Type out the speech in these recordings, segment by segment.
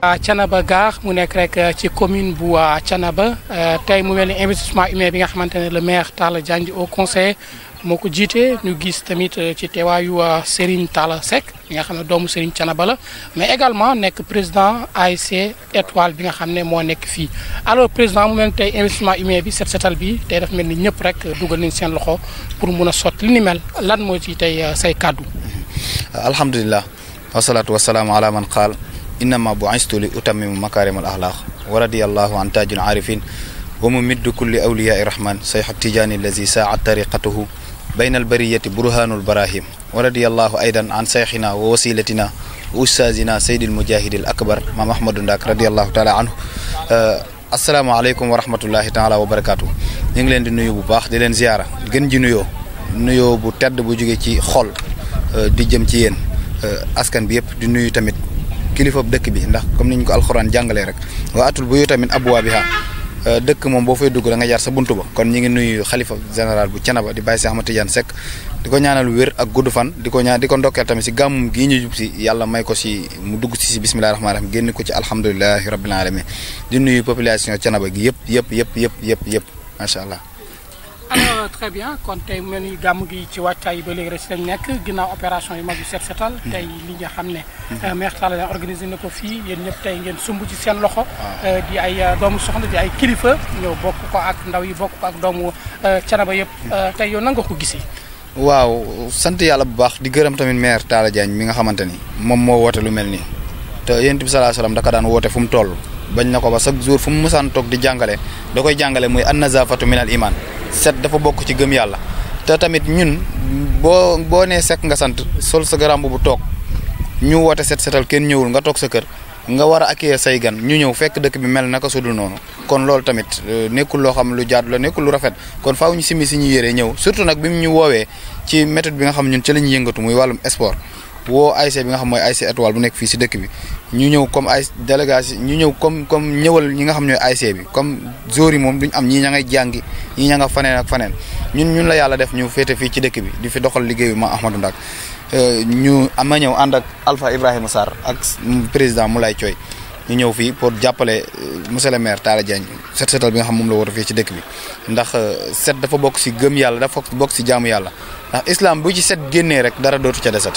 Thiénaba Gare mu nekk rek euh, ci commune bu Thiénaba euh, tey mu mel ni investissement humain bi nga xamante ne le maire Talla Diagne au conseil moo ko jiite ñu gis tamit euh, ci teewaayu Serigne Talla Seck mi nga xam ne doomu Serigne Thiénaba la mais également nekk président ASC étoile bi nga xam ne moo nekk fii alors président mu mel ni tey investissement humain bi set setal bi tey daf mel ni ñëpp rek dugal nañ seen loxo pour mun a sotti li ni mel lan moo ci tey sey kàddu alhamdulilah wasalaatu wasalaam ala man إنما بعثت لأتمم مكارم الأخلاق ورضي الله عن تاج العارفين وممد كل أولياء الرحمن صيح التجاني الذي ساعد طريقته بين البرية برهان البراهيم ورضي الله أيضا عن سيخنا ووسيلتنا أستاذنا سيد المجاهد الأكبر ما محمد داك رضي الله تعالى عنه أه السلام عليكم ورحمة الله تعالى وبركاته ngi leen di nuyu bu baax di leen ziara gën ji nuyoo nuyoo bu tedd bu jóge ci xol آه، di jëm ci kilifa dëkk bi ndax comme ni ñu ko alxuraan jàngalee rek wa atul bu yu tamit abuwaa bi ha euh, dëkk moom boo fay dugg da nga jaar sa bunt ba kon ñu ngi nuyu xalifa général bu Thiénaba di Baye Cheikh Ahmed Tidiane Seck di ko ñaanal wér ak gudd fan di ko ñaan di ko ndokkeel tamit si gàmmum gii ñu jub si yàlla may ko si mu dugg si si bisimilahi rahmaani rahim génn ko ci alhamdulilahi rabbil alamin di nuyu population Thiénaba gi yëpp yëpp yëpp yëpp yëpp yëpp macha allah alors euh, très bien kon tey mel ni gàmm gi ci wàccaay ba léegi rek lañ nekk ginnaaw opération yu mag set setal mm-hmm. tey li nga xam ne mm-hmm. euh, maire Talla organisé na ko fii yéen ñëpp ngeen sumb ci seen loxo euh, di ay doomu soxna di ay kilifa ñëw bokk ko ak ndaw yi bokk ak doomu canaba yëpp mm-hmm. tey yow nan ko gisee waaw sant yàlla bu baax di gërëm tamit maire Talla Diagne mi nga xamante ni moom moo lu mel nii te yéen bi salaa salaam da ka daan woote fu toll bañ na ba chaque jour fu mu musaan di jàngale da koy jàngale muy an nazafatu iman set dafa bokk ci gëm yàlla te tamit ñun boo boo nee sekk nga sant sol sa garam bu toog ñu woote set setal kenn ñëwul nga toog sa kër nga war a accueillir say gan ñu ñëw fekk dëkk bi mel na naka sudul noonu kon loolu tamit euh, nekkul loo xam lu jaadu la nekkul lu rafet kon faaw ñu simi si ñu yére ñëw surtout nag bi mu ñu woowee ci méthode bi nga xam ñun ci la ñuy yëngatu muy wàllum sport woo ASC bi nga xam mooy ASC étoile bu nek fi ci dëkk bi ñu ñëw comme ay délégation ñu ñëw comme comme ñëwal ñi nga xam bi comme jour mom duñ am ñi ña ngay jàngi ñi ña nga faneen ak faneen ñun ñun la yàlla def ñu fété fi ci dëkk bi di fi doxal liggéey ma Ahmadou Ndak euh, ñu am ñëw and ak Alpha Ibrahima sar ak président Moulay choy ñu ñëw fi pour jàppale euh, monsieur le maire Talla Diagne set setal bi nga xam mom la war fi ci dëkk bi ndax euh, set dafa bok ci gëm yàlla dafa bok ci jaamu yàlla ndax islam bu ci set génné rek dara dootu ca desat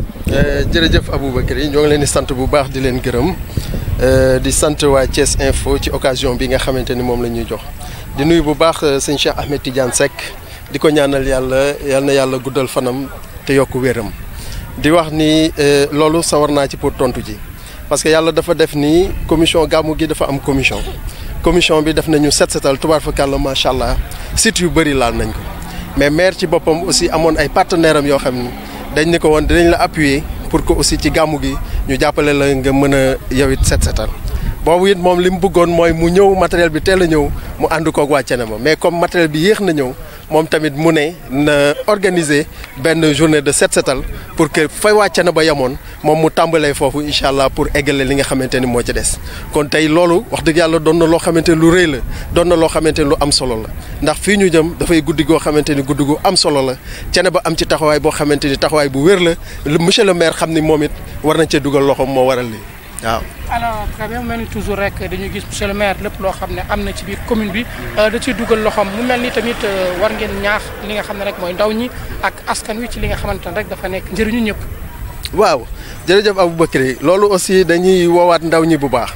Euh, jërëjëf Aboubacry ñoo ngi leen di sant bu baax di leen gërëm euh, di sant waa Thiès Info ci occasion bi nga xamante ni moom la ñuy jox di nuyu bu baax euh, sëñ Cheikh Ahmed Tidiane Seck di ko ñaanal yàlla yal na yàlla guddal fanam te yokk wéram di wax ni loolu sawar naa ci pour tontu ji parce que yàlla dafa def ni commission gàmmu gi dafa am commission commission bi def nañu set setal tubaar fa kàlla macha allah sites yu bëri laal nañ ko mais ci boppam aussi amoon ay partenaires am yoo xam ni dañu ne ko woon dinañ la appuyer pour que aussi ci gàmmu gi ñu jàppale la nga mën a yow it set setal boobu it moom li mu bëggoon mooy mu ñëw matériel bi teel a ñëw mu ànd koog wàcce na ma mais comme matériel bi yéex na ñëw mom tamit mu ne na organiser ben journée de set setal pour que fay waa ba yemoon mom mu tambalé fofu inshallah pour eggale li nga xamante mo ci dess kon tay lolu wax deug yalla don na lo xamante lu rëy la don na lo xamante lu am solo la ndax fi ñu jëm da fay goo xamante ni am solo la ci ba am ci taxaway bo xamante taxaway bu wër la monsieur le maire xamni momit war na ci duggal loxom mo waral lii waaw alors très mu mel ni toujours rek dañuy gis monsieur lépp loo xam ne am na ci biir commune bi euh, da ciy dugal loxoom mu mel ni tamit euh, war ngeen ñaax li nga xam ne rek mooy ndaw ñi ak askan wi ci li nga xamante ne rek dafa nekk njëriñu ñëpp waaw jërëjëf Aboubacry loolu aussi dañuy woowaat ndaw ñi bu baax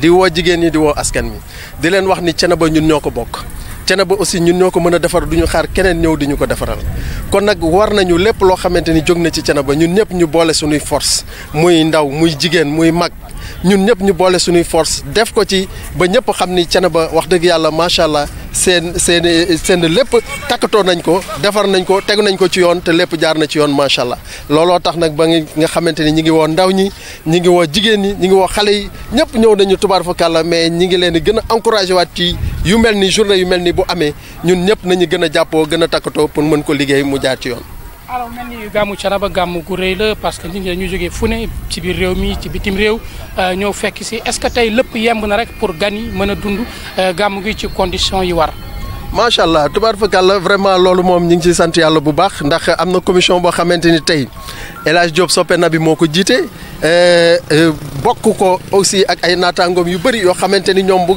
di woo jigéen ñi di woo askan wi di leen wax ni Thiénaba ñun ñoo ko bokk Thiénaba aussi ñun ñoo ko mën a defar duñu xaar keneen ñëw duñu ko defaral kon nag war nañu lépp loo xamante ni jóg na ci ba ñun ñëpp ñu boole suñuy force muy ndaw muy jigéen muy mag ñun ñëpp ñu boole suñuy force def ko ci ba ñëpp xam ni ba wax dëgg yàlla macha allah. seen seen seen lépp takkatoo nañ ko defar nañ ko tegu nañ ko ci yoon te lépp jaar na ci yoon macha allah looloo tax nag ba nga xamante ni ñi ngi woo ndaw ñi ñi ngi woo jigéen ñi ñi ngi woo xale yi ñëpp ñëw nañu tubaar fa kàlla mais ñi ngi leen di gën a encouragé waat ci yu mel ni journée yu mel ni bu amee ñun ñëpp nañu gën a jàppoo gën a takkatoo pour mën ko liggéey mu jaar ci yoon alors mel ni gàmmu Canaba gàmmu gu rëy la parce que nit ñi dañuy jógee fu ne ci biir réew mi ci bitim réew euh, ñëw fekk si est ce que tey lépp yemb na rek pour gan yi mën a dund euh, gàmmu ngi ci condition yi war. macha allah tubaar fakàlla vraiment loolu moom ñu ngi ciy sant yàlla bu baax ndax am na commission boo xamante ni tey El Hadj Diop soppe na bi moo ko jiite euh, bokk ko aussi ak ay naataangoom yu bëri yoo xamante ni ñoom bu.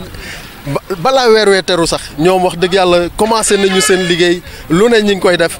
balaa weer wee teru sax ñoom wax dëgg yàlla commencé nañu seen liggéey lu ne ñi ngi koy def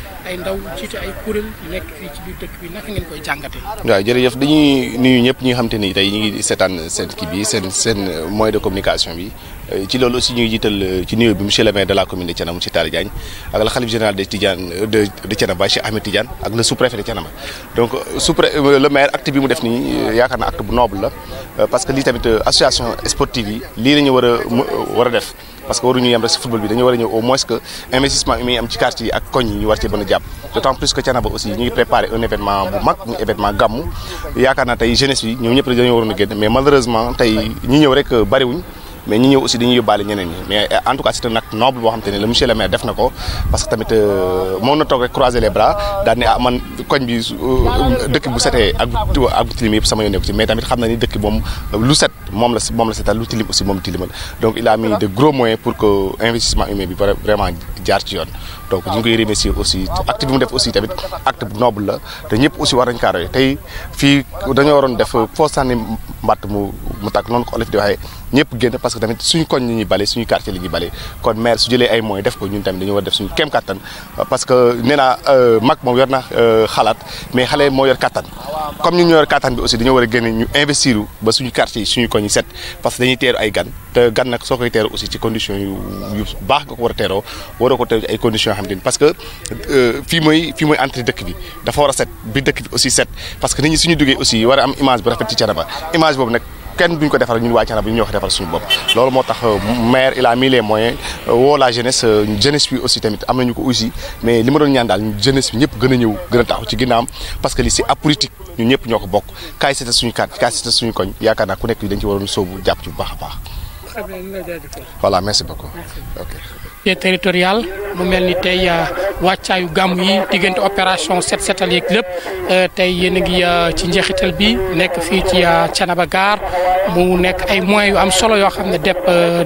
ay ndaw jiite ay kuréel nekk fii ci biir dëkk bi naka ngeen koy jàngatee. waaw jërëjëf dañuy nuyu ñëpp ñi nga xam te ni tey ñu ngi seetaan seen kii bi seen seen moyen de communication bi euh, ci loolu aussi ñuy jiital euh, ci nuyu bi monsieur le maire de la commune de Thiénaba monsieur Talla Diagne ak général de Tidiane euh, de de Thiénaba Cheikh Ahmed ak le sous-préfet de Thiénaba donc sous-préfet le maire acte bi mu def nii yaakaar na acte bu noble la parce que lii tamit association sportive yi lii la war a war a def. parce que nous avons football nous avons au moins que investissement qui quartier d'autant plus que nous aussi préparé un événement un événement gamu il y a jeunesse mais malheureusement nous ñi ñëw rek euh, mais ñi ñëw aussi dañuy yóbbaale ñeneen ñi mais euh, en tout cas c'est un acte noble boo xam te ne le monsieur le maire def na ko parce que tamit euh, moom na toog rek croiser les bras daal ne ah, man koñ bi euh, dëkk bu setee ak ak bu tilim yëpp sama yoon nekku ci mais tamit xam na dëkk moom lu set moom la moom lu tilim aussi moom tilimal donc il a mis de gros moyens pour que investissement humain bi vraiment jaar ci yoon donc ñu ngi koy remercier aussi acte bi mu def aussi tamit acte bu noble la te ñëpp aussi war nañ kaarooy tey fii dañoo waroon def foo sànni mbàtt mu mu tàkk noonu ko olof di waxee ñëpp génn parce que tamit suñu koñ la bale suñu quartier la bale kon maire su jëlee ay moyens def ko ñun tamit dañu war def suñu kéem kattan parce que nee euh, mag moom yor na euh, xalaat mais xale moo yor kattan comme ñun ñoo kattan bi aussi dañoo war a génn ñu investir ba suñu quartier yi suñu koñ yi set parce que dañuy teeru ay gan te gan nag soo koy teeru aussi ci conditions yu baax nga ko war a teeroo waroo ko teeru ci ay conditions yoo xam te ni parce que euh, fii mooy entrée dëkk bi dafa war a set bi dëkk bi aussi set parce que nit am image bu rafet ci Thiénaba image kenn duñ ko defar ñun waa Thiénaba ñoo ko defar suñu bopp loolu moo tax euh, maire il a mis les euh, woo la jeunesse euh, jeunesse bi aussi tamit am nañu ko aussi mais li doon ñaan daal jeunesse bi ñëpp gën a ñëw gën a taxaw ci ginnaam parce que li si apolitique ñun ñëpp ñoo ko bokk kaay seetal suñu kàddu kaay seetal suñu koñ yaakaar naa ku nekk dañ ci waroon sóobu jàpp ci bu baax a baax voilà merci beaucoup. ok. territorial mu mel ni tey euh, wàccaayu gàmm yi diggante opération set setal yeeg lépp euh, tey yéen a ngi euh, ci njeexital bi nekk fii ci Thiénaba bagar mu nekk ay moyens yu am solo yoo xam ne dep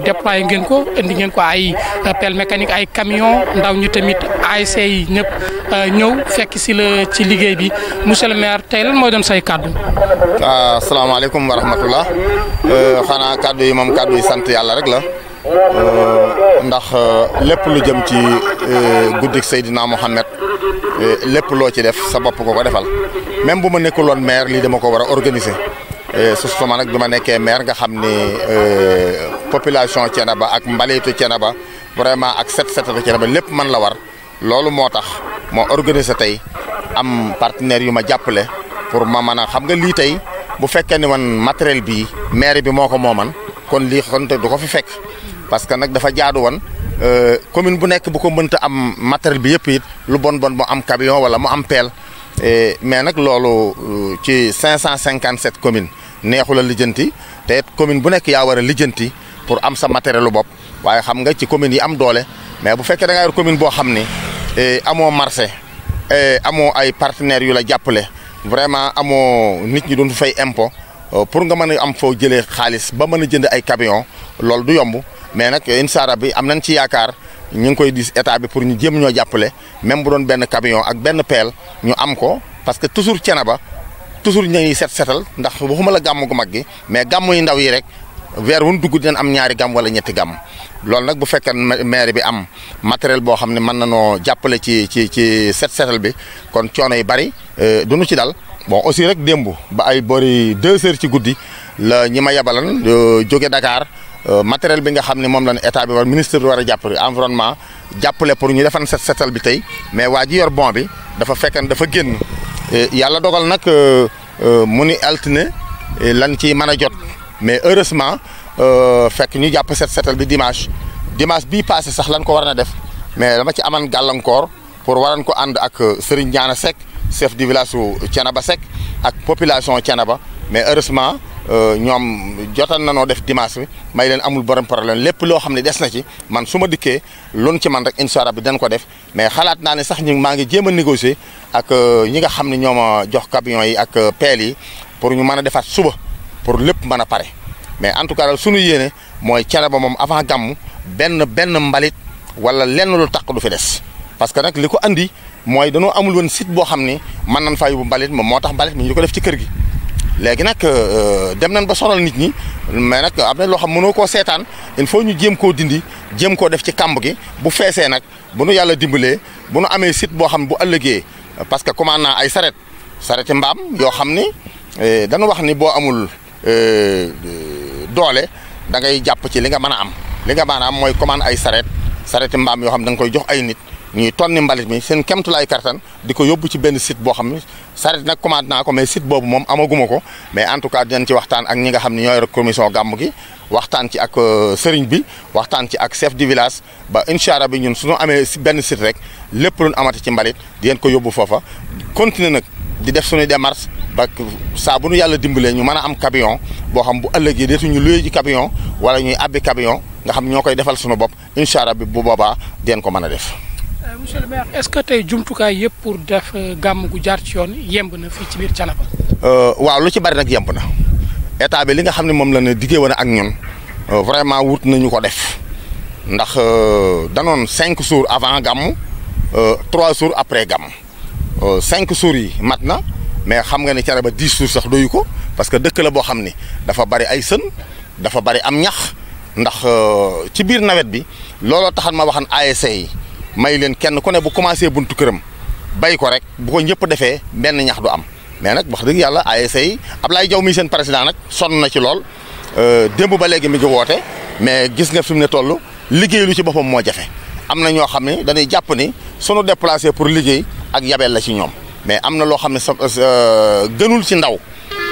déployé ngeen ko indi ngeen ko ay pelle mécanique ay camion ndaw ñi tamit ASC yi ñëpp euh, ñëw fekk si la ci liggéey bi monsieur le maire tey lan mooy doon say kàddu. Ah, asalaamaaleykum wa rahmatullah euh, xanaa kàddu yi moom kàddu sant yàlla rek la. Euh, ndax lépp lu jëm ci guddik Seydina Mohamed lépp loo ci def sa bopp ko ko defal même bu ma nekkuloon maire lii dama ko war a organiser surtout nag bi ma nekkee maire nga xam ni population Thiénaba ak mbalitu Thiénaba vraiment ak set setatu Thiénaba lépp man la war loolu moo tax moo organiser tey am partenaire yu ma jàppale pour ma mën a xam nga lii tey bu fekkee ni wan matériel bi maire bi moo ko mooman kon lii xonte du ko fi fekk parce que nag dafa jaadu woon euh, commune bu nekk bu ko mënta am matériel bi yëpp it lu bon bon mu am camion wala mu am peel mais nag loolu euh, ci cinq cent 557 communes commune neexula lijjanti te commune bu nekk yaa war a lijjanti pour am sa matériel bopp waye xam nga ci commune yi am doole mais bu fekkee da nga commune boo xam euh amoo marché eh, amoo ay partenaire yu la jàppale vraiment amoo nit ñi doon fay impôt euh, pour nga mën a am foo jëlee xaalis ba mën a jënd ay camion loolu du yomb mais nag insaara bi am nañ ci yaakaar ñu ngi koy dis état bi pour ñu jëm ñoo jàppale même bu doon benn camion ak benn peel ñu am ko parce que toujours cene ba toujours ña ngi set setal ndax waxuma la gàmm gu mag gi mais gàmm yu ndaw yi rek weer wun dugg dinañ am ñaari gàmm wala ñetti gàmm loolu nag bu fekkee maire bi am matériel boo xam ne mën na noo jàppale ci ci ci set setal bi kon coono yi bari euh, du ñu ci dal bon aussi rek démb ba ay boori deux heures ci guddi la ñi ma yebalan euh, jóge Dakar euh, matériel bi nga xam ne moom la état bi war ministre bi war a jàppale environnement jàppale pour ñu defan set setal bi tey mais waa ji yor bon bi dafa fekkan dafa génn yàlla dogal nag mu ni altine lan ci mën a jot. mais heureusement euh, fekk ñu jàpp set setal bi dimanche dimanche bi passé sax lan ko war na def mais dama ci amane aman gàllankoor pour waran ko and ak euh, Serigne Ñaana sec chef du village su sec ak population Thiénaba mais heureusement euh, ñoom jotal na noo def dimanche bi may leen amul borom problème lepp lo xamni dess na ci man suma ma luñ ci man rek inshallah bi dañ ko def mais xalaat naa ne sax ñu ma ngi jema négocier ak euh, ñi nga xamni ñoma jox camion yi ak peel yi pour ñu mëna defat defaat suba pour lepp mën paré mais en tout cas daal sunu moy ciara ba mom avant gàmm ben ben mbalit wala lenn lu taq du fi des parce que nak liko andi moy dañu amul woon site bo xamné man nañ faa yóbbu mbalit moom moo tax mbalit mi ñu ko def ci kër gi. léegi nag euh, euh, dem nañ ba sonal nit ñi mais nak am lo xam mëno ko seetaan il faut ñu jëm ko dindi jëm ko def ci kàmb gi bu fessé nak bu ñu yalla dimbalee bu ñu amé site bo xam bu ëllëgee parce que commande naa ay saret sareti mbam yo xamné eh, dañu wax ni bo amul. Euh, doole da ngay jàpp ci li nga mën a am li nga maanaam mooy commande ay sareet sareeti mbaam yoo xam ne da koy jox ay nit ñuy tonni mbalit mi seen kemtulaay kartan di ko yóbbu ci benn site boo xam ne sareet nag commande naa ko mais site boobu moom amaguma ko mais en tout cas dinañ ci waxtaan ak ñi nga xam ne ñooy rek commission gàmm gi waxtaan ci ak euh, sëriñ bi waxtaan ci ak chef di village ba incha bi ñun suñu amee benn site rek lépp luñ amati ci mbalit di ko yóbbu foofa continuer nag di def suñuy démarche ba saa bu nu yàlla dimbalee ñu mën a am camion boo xam bu ëllëgee deetuñu luye ji camion wala ñuy abbi camion nga xam ñoo koy defal suñu bopp incha allah bi bu boobaa deen ko mën a def. Euh, monsieur le maire est-ce que tey jumtukaay yëpp pour def euh, gàmm gu jaar ci yoon yemb na fii ci biir Thiénaba. Euh, waaw lu ci bari nag yemb na état bi li nga xam ne moom la ne diggee woon ak ñun vraiment wut nañu ko def ndax danoon cinq jours avant gàmm trois jours après gàmm cinq jours yi mat na. mais xam nga ne ba dix jours sax doyu ko parce que dëkk la boo xam ni dafa bari ay sën dafa bari am ñax ndax euh, ci biir nawet bi looloo taxan ma waxan ASC yi may leen kenn ku ne bu commencé buntu këram bay ko rek bu ko ñëpp defee benn ñax du am mais nag wax dëgg yàlla ay ASC yi Ablaye Diaw mi seen président nag sonn na ci lool euh, démb ba léegi mi ngi woote mais gis nga fi mu ne toll liggéey lu ci boppam moo jafe am na ñoo xam ne dañuy jàpp ni sunu déplacé pour liggéey ak yabel la ci ñoom mais am na loo xam ne sa euh, gënul ci ndaw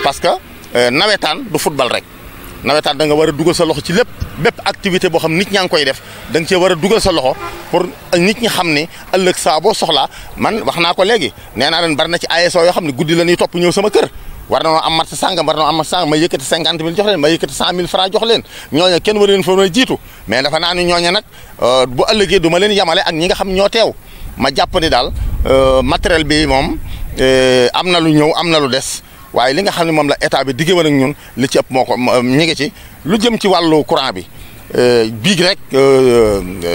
parce que euh, nawetaan du football rek nawetaan da nga war a dugal sa loxo ci lépp bépp activité boo xam nit ñaa ngi koy def da ce cee war a dugal sa loxo pour nit ñi xam ne ëllëg saa boo soxlaa man wax naa ko léegi nee naa leen bari na ci ASO yoo xam ne guddi la ñuy topp ñëw sama kër. war na noo am mat sàngam war na am mat sàngam ma yëkkati cinquante mille jox leen ma yëkkati cent mille franc jox leen ñooña kenn war leen fa mën a jiitu mais dafa naa ni ñooña euh, ak ñi nga xam ñoo teew. ma jàpp ni daal euh, matériel bi moom euh, am na lu ñëw am na lu des waaye li nga xam ne moom la état bi diggé woon ñun li ci ëpp moo ko ñu ngi ci lu jëm ci wàllu courant bi euh, biig rek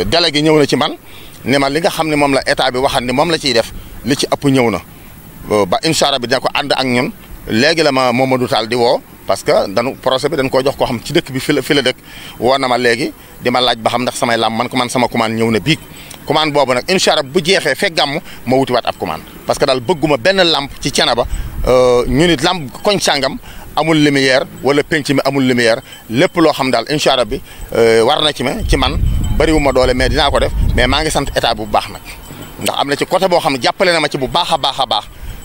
délégué ñëw na ci man ne ma li nga xam ne moom la état bi waxan ni moom la ciy def li ci ëpp ñëw na ba incha bi dina ko ànd ak ñun léegi la ma Mamadou Tall di woo parce que dañu procès bi dañ koo jox ko xam ci dëkk bi fi la fi la dëkk woo ma léegi di ma laaj ba xam ndax samay làmb man ko man sama commande ñëw na biig commande boobu nag incha bu jeexee fekk gàmm ma wutiwaat ab commande parce que daal bëgguma benn làmp ci Thiénaba euh, ñu nit làmp koñ sàngam amul lumière wala penc mi amul lumière lépp loo xam daal incha allah bi euh, war na ci ma ci man bëriwuma doole mais dinaa ko def mais maa ngi sant état bu baax nag ndax am na ci côté boo xam ne jàppale na ma ci bu baax a baax baax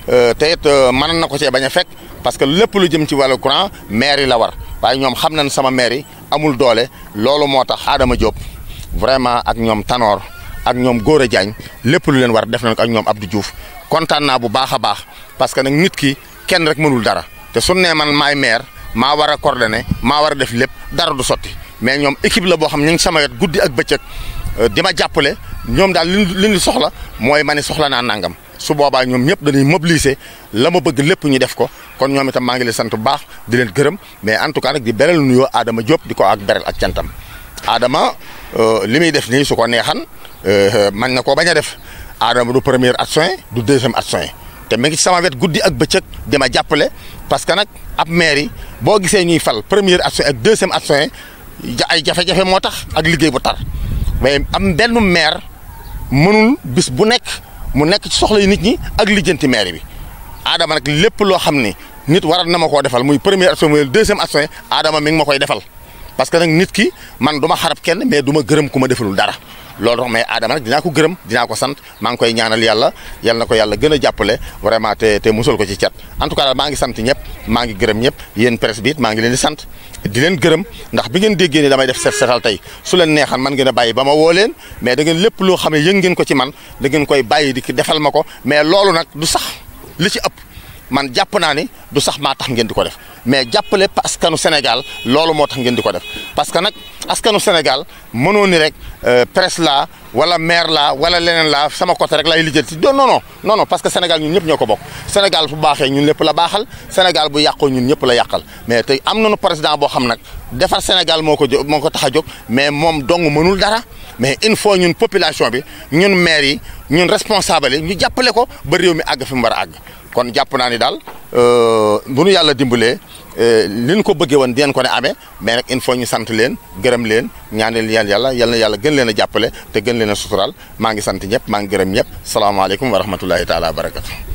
Euh, te it euh, mën na ko cee bañ a fekk parce que lépp lu jëm ci wàllu courant maire yi la war waaye ñoom xam nañ sama maire yi amul doole loolu moo tax Adama Diop vraiment ak ñoom Tanor ak ñoom Gora Diagne lépp lu leen war def nañ ak ñoom Abdou Diouf kontaan naa bu baax a baax parce que nag nit ki kenn rek mënul dara te su nee man maay mair maa war a coordonné maa war a def lépp dara du sotti mais ñoom équipe la boo xam ñu ngi sama wet guddi ak bëccëg euh, di ma jàppale ñoom daal li li soxla mooy ma ne soxla naa nangam. su boobaa ñoom ñëpp dañuy mobiliser la ma bëgg lépp ñu def ko kon ñoom itam maa ngi leen sant bu baax di leen gërëm mais en tout cas nag di beral nuyoo Adama Diop di ko ak beral ak cantam Adama euh, li muy def nii su ko neexan euh, man na ko bañ a def Adama du premier adjoint du deuxième adjoint te mu ngi sama wet guddi ak bëccëg di ma jàppale parce que nag ab maire yi boo gisee ñuy fal premier adjoint ak deuxième adjoint ay jafe-jafe moo tax ak liggéey bu tar mais am benn maire mënul bis bu nekk. mu nekk ci soxla yi nit ñi ak lijjanti maire bi Adama nag lépp loo xam ni nit waral na ma koo defal muy première action muy deuxième action Adama mi ngi ma koy defal parce que nag nit ki man duma ma kenn mais duma gërëm ku ma defalul dara. loolu tax may aadama nag dinaa ko gërëm dinaa ko sant maa ngi koy ñaanal yàlla yal na ko yàlla gën a jàppale vraiment te te musal ko ci cat en tout cas daal maa ngi sant ñëpp maa ngi gërëm ñëpp yéen presse bi maa ngi leen di sant di leen gërëm ndax bi ngeen déggee ni damay def set setal tey su leen neexan man ngeen a bàyyi ba ma woo leen mais dangeen ngeen lépp loo xam ne ngeen ko ci man dangeen koy bàyyi di defal ma ko mais loolu nag du sax li ci ëpp man jàpp naa ni du sax maa tax ngeen di ko def mais jàppale askanu Sénégal loolu moo tax ngeen di ko def parce que nag askanu Sénégal mënoo ni rek euh, presse la wala maire laa wala leneen laa sama côté rek lay lijjanti non non non non parce que Sénégal ñun ñëpp ñoo ko bokk Sénégal bu baaxee ñun lépp la baaxal Sénégal bu yàqoo ñun ñëpp la yàqal mais tey am na nu président boo xam nag defar Sénégal moo ko moo ko tax a jog mais moom dong mënul dara mais il faut ñun population bi ñun maire yi ñun responsable yi ñu jàppale ko ba mi àgg fi mu war a àgg. kon jàpp naa ni daal euh, bu nu yàlla dimbalee euh, li ñu ko bëggee woon dinañ ko ne amee mais nag il faut ñu sant leen gërëm leen ñaanal leen yàlla yal na yàlla gën leen a jàppale te gën leen a suturaal maa ngi sant ñëpp maa ngi gërëm ñëpp salaamaaleykum wa rahmatullahi taala wa barakatu